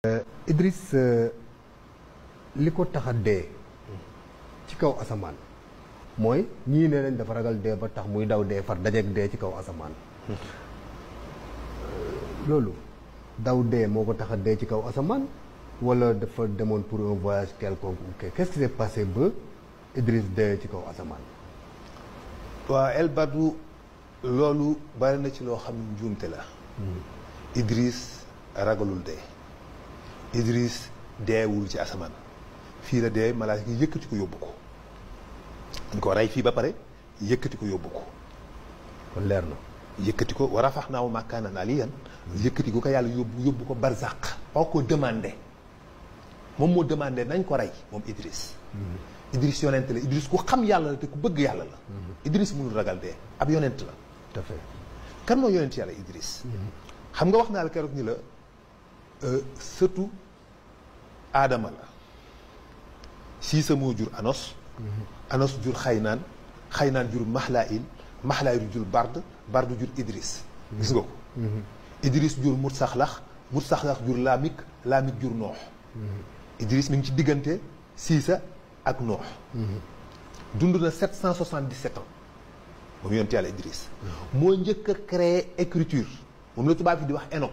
Eh, idris eh, li ko taxa a dee ci kaw asamaan mooy ñii nee nañ dafa ragal dee ba tax muy daw dee far dajeeg dee ci kaw asamaan eh, loolu daw dee moo ko tax a dee ci kaw asamaan wala dafa demoon pour un voyage quelconque ok qu'est-ce qui s'est ba Idriss dee ci kaw asamaan waa El Badou loolu bari na ci loo xam ne njuumte la hmm. idris ragalul dee Idriss deewul ci asamaan fii la dee malaaka yi yëkkati ko yóbbu ko dañ ko rey fii ba pare yëkkati ko yóbbu ko kon leer na yëkkati ko war a fax wa naa makaanan aliyyan yëkkati ko ko yàlla yóbbu yóbbu ko barzaq moo ko demande moom moo demandé nañ ko rey moom Idriss mhm. Idriss yonent la Idriss ku xam yàlla la te ku bëgg yàlla la mhm. Idriss mënul ragal dee ab yonent la tout kan moo yonent yàlla Idriss mhm. xam nga wax naa la keroog ni la Euh, sëtu aadama la siisa moo jur anos mhm. anos jur xaynaan xaynaan jur mahlail mahlail jur bard bard jur idris gis nga ko mhm. idris jur mut saxlax mut saxlax jur laamik laamik jur noox mhm. idris mi ngi ci diggante siisa ak noox dund na 777 ans moom yonent yàlla idris moo njëkk a créé écriture moom la tubaab yi di wax Énoch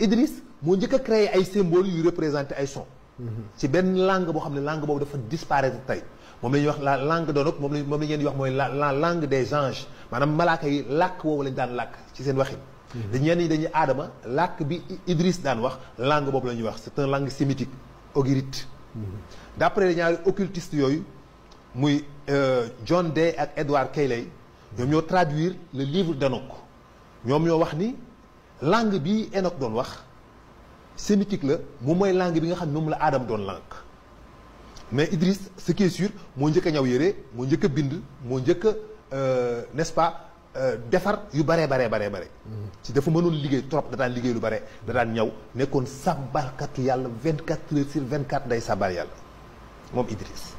Idriss moo njëkk a créé ay symbole yu représenté ay son ci benn langue boo xam ne langue boobu dafa disparaître tey moom la wax la langue de moom la moom la ñeen wax la langue des anges maanaam malaaka yi làkk woowu lañ daan làkk ci seen waxin mhm. dañ ñenn ñi dañuy aadama bi Idriss daan wax langue boobu la wax c'est un langue sémitique ogirite mhm. d'après ñaari occultistes yooyu muy euh, John Day ak Edward Cayley ñoom ñoo traduire le livre d'Enoch ñoom ñoo wax ni langue bi Enoch doon wax sémitique la moom mooy langue bi nga xam ne moom la aadam doon lank mais Idriss ce qui est moo njëkk a ñaw yére moo njëkk a bind moo njëkk a euh, n'est-ce pas euh, defar yu baree baree baree bare ci dafa mënoon liggéey trop da daan liggéey lu bare da daan ñaw nekkoon sàbbalkatu yàlla 24 heures vingt 24 day sàbbal yàlla moom Idriss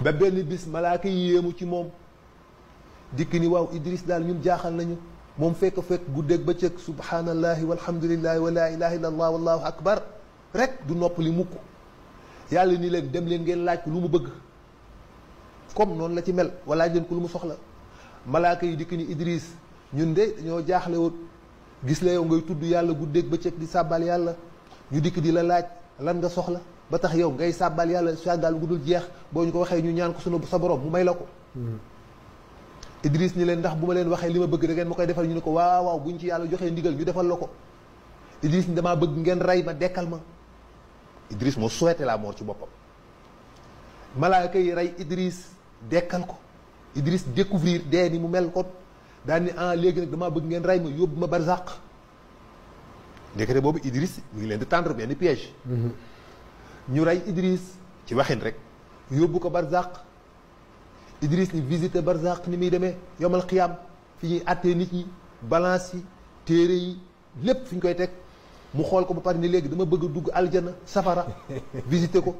ba benn bis malaaka yéemu ci moom dikk ni waaw Idriss daal ñun jaaxal nañu moom fekk fekk guddeeg bëccëg subhaanallahi walhamdulillahi wa laa ilaha illa allah wallahu akbar rek du nopp li mukk yàlla ni leen dem leen ngeen laaj ko lu mu bëgg comme noonu la ci mel wala laaj leen ko lu mu soxla malaaka yi dikk ni Idris ñun de dañoo jaaxle woon gis la yow ngay tudd yàlla guddeeg bëccëg di sàbbal yàlla ñu dikk di la laaj lan nga soxla ba tax yow ngay sàbbal yàlla sàggal gu dul jeex boo ñu ko waxee ñu ñaan ko sunu sa borom mu may la ko hmm. Idriss ni leen ndax bu ma leen waxee li ma bëgg da ngeen ma koy defal ñu ne ko waaw waaw buñ ci yàlla joxee ndigal ñu defal la ko Idriss ni damaa bëgg ngeen rey ma dekkal ma Idriss moo souhaité la mort ci boppam malaaka yi rey Idriss dekkal ko Idriss découvrir de ni mu mel ko daal ni ah léegi nag damaa bëgg ngeen rey ma yóbbu ma barzaq ndekete boobu Idriss mu ngi leen di tendre benn piège mhm. ñu rey Idriss ci waxin rek yóbbu ko barzaq Idriss ni visité barzaq ni muy demee yomal xiyaam fi ñuy àttee nit ñi balance yi téere yi lépp fi ñu koy teg mu xool ko ba pare ni léegi dama bëgg a dugg aljana safara visité ko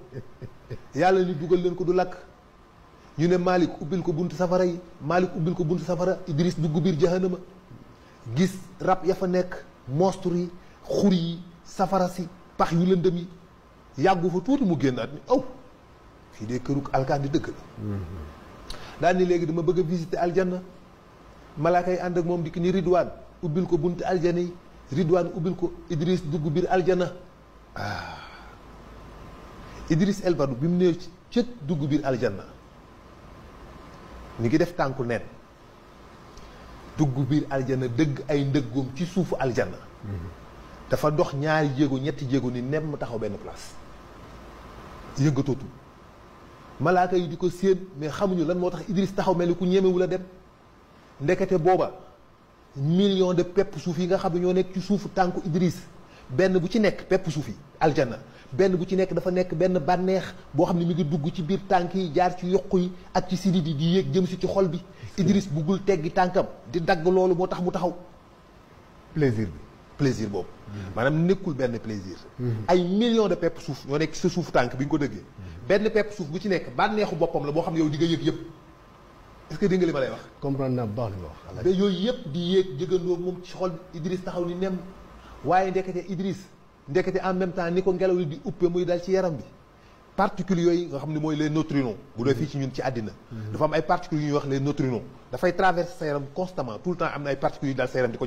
yàlla ni dugal leen ko du lakk ñu ne Malik ubbil ko buntu safara yi Malik ubbil ko buntu safara Idriss dugg biir jahanama gis rab ya fa nekk monstre yi xur yi safara si pax yu lëndëm yi yàggu fa tuuti mu génnaat ni aw oh, fii dee kërug alkaan di dëgg la mm-hmm. daal ni léegi dama bëgg a aljana aljanna malaaka yi ànd ak moom dikk ni ridwaan ubbil ko bunti aljana yi ridwaan ubbil ko idris dugg biir aljana ah idris elbadu bi mu ci cët dugg biir aljanna mu ngi def tànku neen dugg biir aljana dëgg ay ndëggoom ci suufu aljana mm-hmm. dafa dox ñaari jéego ñetti jéego ni nemm taxaw benn place yëngatootu malaaka yi diko séen mais xamuñu lan motax Idriss taxaw mel ku ñëmé wula dem ndekete boba million de pep suuf yi nga xam ne ñoo nekk ci suufu tànku Idriss benn bu ci nek pep suuf yi aljanna benn bu ci nek dafa nek benn banex bo xamni mi ngi dugg ci bir tanki jaar ci yokku yi ak ci sidit di yek jëm ci xol bi Idriss buggul teggi tànkam di dag lolu motax mu taxaw plaisir bi plaisir boobu. Mhm. maanaam nekkul benn plaisir. Mhm. ay millions de pepp suuf ñoo nekk sa suuf tànk bi nga ko dëggee. Mhm. benn pepp suuf bu ci nek ba bànneexu boppam la bo xam yow di nga yep est-ce que dégg nga li ma lay wax. comprendre na baax li ma wax. be yoy yep di yéeg jëgandoo moom ci xol Idriss taxaw ni nem waye ndekete Idriss ndekete en même temps niko ko ngelaw li di uppe muy dal ci yaram bi. particules yoy nga xamni moy les neutrinos bu dee fii ci ñun ci adina dafa am ay particules yu wax les neutrinos dafay traverser sa yaram constamment tout le temps am ay particules dal sa yaram di ko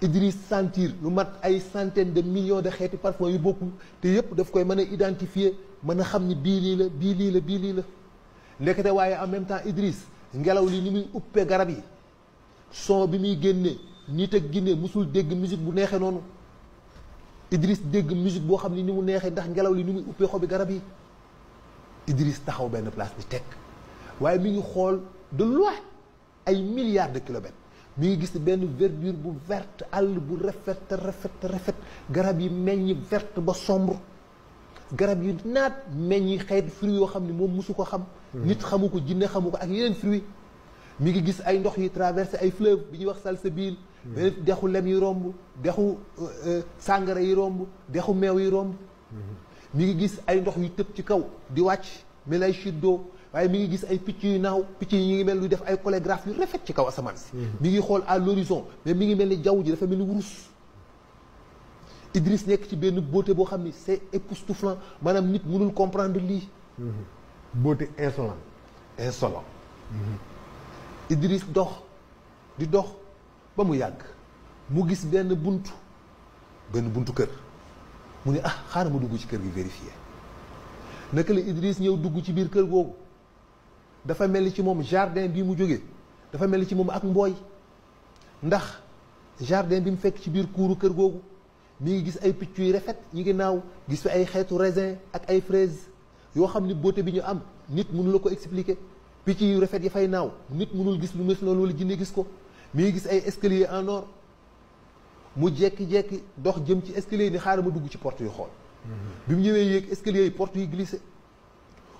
Idriss sentir lu mat centaines de millions de ont parfois yu beaucoup te bilile. daf koy Ils identifier ils la la ont en même temps Idriss n'gala ni muy uppee garab son bi muy Ils ont musul musique Idriss musique ni Ils mu ndax Ils ni muy Idriss taxaw place di de loin ay milliards de kilomètres mi ngi gis benn verdure bu verte àll bu rafet rafet rafet garab yi meññ verte ba sombre garab yi naat meññ xeet fruit yoo xam ne moom mosu ko xam nit xamu ko jinne xamu ko ak yeneen fruit mi ngi gis ay ndox yi traversé ay fleuve bi ñuy wax salsabil beneen dexu lem yi romb dexu sàngara yi romb dexu meew yi romb mi ngi gis ay ndox yu tëb ci kaw di wàcc mi lay waaye mi ngi gis ay picc yu naaw picc yi ñu ngi mel luy def ay chorégraphe yu rafet ci kaw asamaan si mm-hmm. mi ngi xool à l'horizon mais mi ngi mel ni jaww ji dafa mel ni wurus Idriss nekk ci benn beauté boo xam ni c'est époustouflant maanaam nit mënul comprendre lii mm-hmm. beauté insolent insolent mm-hmm. Idriss dox di dox ba mu yàgg mu gis benn bunt benn buntu kër mu ne ah xaaral mu dugg ci kër gi vérifier naka la Idriss ñëw dugg ci biir kër googu dafa mel ni ci moom jardin bi mu jógee dafa mel ni ci moom ak mbooy ndax jardin bi mu fekk ci biir kuuru kër googu mi ngi gis ay picc yu rafet ñu ngi naaw gis fi ay xeetu raisin ak ay fraise yoo xam ni beauté bi ñu am nit munu la ko expliquer picc yu rafet ya fay naaw nit mënul gis lu mes noonu wala jinne gis ko mu ngi gis ay escalier en or mu jekki-jekki dox jëm ci escalier yi ni xaaral ma dugg ci porte yu xool mhm. bi mu ñëwee yéeg escalier yi porte yi glissé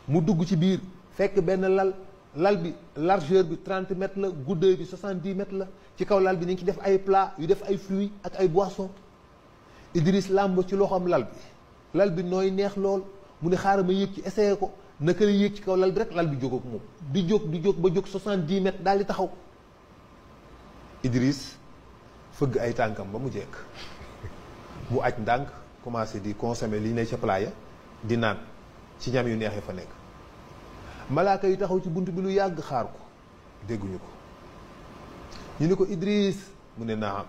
mu dugg ci biir fekk benn lal lal bi largeur bi 30 mètres la guddeur bi 70 mètres la ci kaw lal bi nañ ci def ay plat yu def ay fruits ak ay boissons Idriss làmb ci loxoom lal bi lal bi nooy neex lool mu ne xaaral ma ci essayé ko naka la yéeg ci kaw lal bi rek lal bi jóg ak moom di jóg di jóg ba jóg 70 mètres daal di taxaw Idriss fëgg ay tànkam ba mu jekk mu aj ndànk commencé di consommer li ne ca plat ya di naan ci ñam yu neexee fa nekk malaaka yi taxaw ci bunt bi lu yàgg xaar ko dégguñu ko ñu ni ko Idriss mu ne naam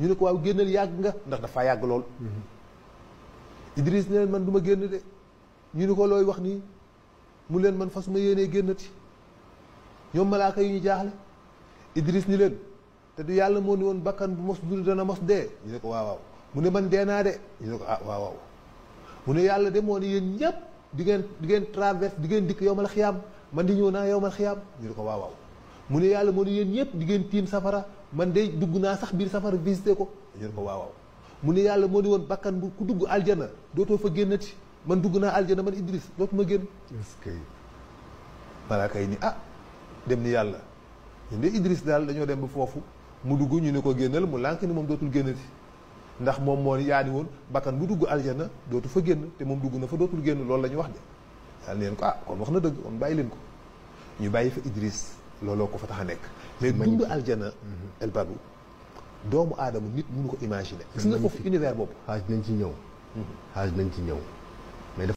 ñu ne ko waaw génnal yàgg nga ndax dafa yàgg lool mm-hmm. idris ne leen man du ma génn de ñu ni ko looy wax nii mu leen man fasuma yéenee génnati ñoom malaaka yi ñu jaaxle Idriss ni leen te du yàlla moo ni woon bàkkan bu mos dund dana mos de ñu ne ko waaw waaw mu ne man dee naa de ñu ne ko ah waaw waaw mu ne yàlla de moo ni yéen ñëpp di ngeen di ngeen traverse di ngeen dikk yowmal xiyaam man di ñëw naa yowmal xiyaam ñu di ko waaw waaw mu ne yàlla moo ne yéen ñëpp di ngeen tiim safara man de dugg naa sax biir safara visité ko ñu ko waaw mu ne yàlla moo ne woon bàkkan bu ku dugg aljana dootoo fa génnati man dugg naa aljana man Idris dootuma génn. est-ce que ni ah dem ni yàlla ñun de Idris daal dañoo dem ba foofu mu dugg ñu ne ko génnal mu lànk ni moom dootul génnati. ndax moom moo yaani woon bakkan bu dugg aljana dootu fa génn te moom dugg na fa dootul génn loolu la ñu wax de daal leen ko ah kon wax na dëgg kon bàyyi leen ko ñu bàyyi fa Idriss looloo ko fa tax a nekk mais dund aljana mm-hmm. El Babou doomu aadama nit mënu ko imaginer gis nga foofu univers boobu xaaj nañ ci ñëw mm-hmm. xaaj nañ ci ñëw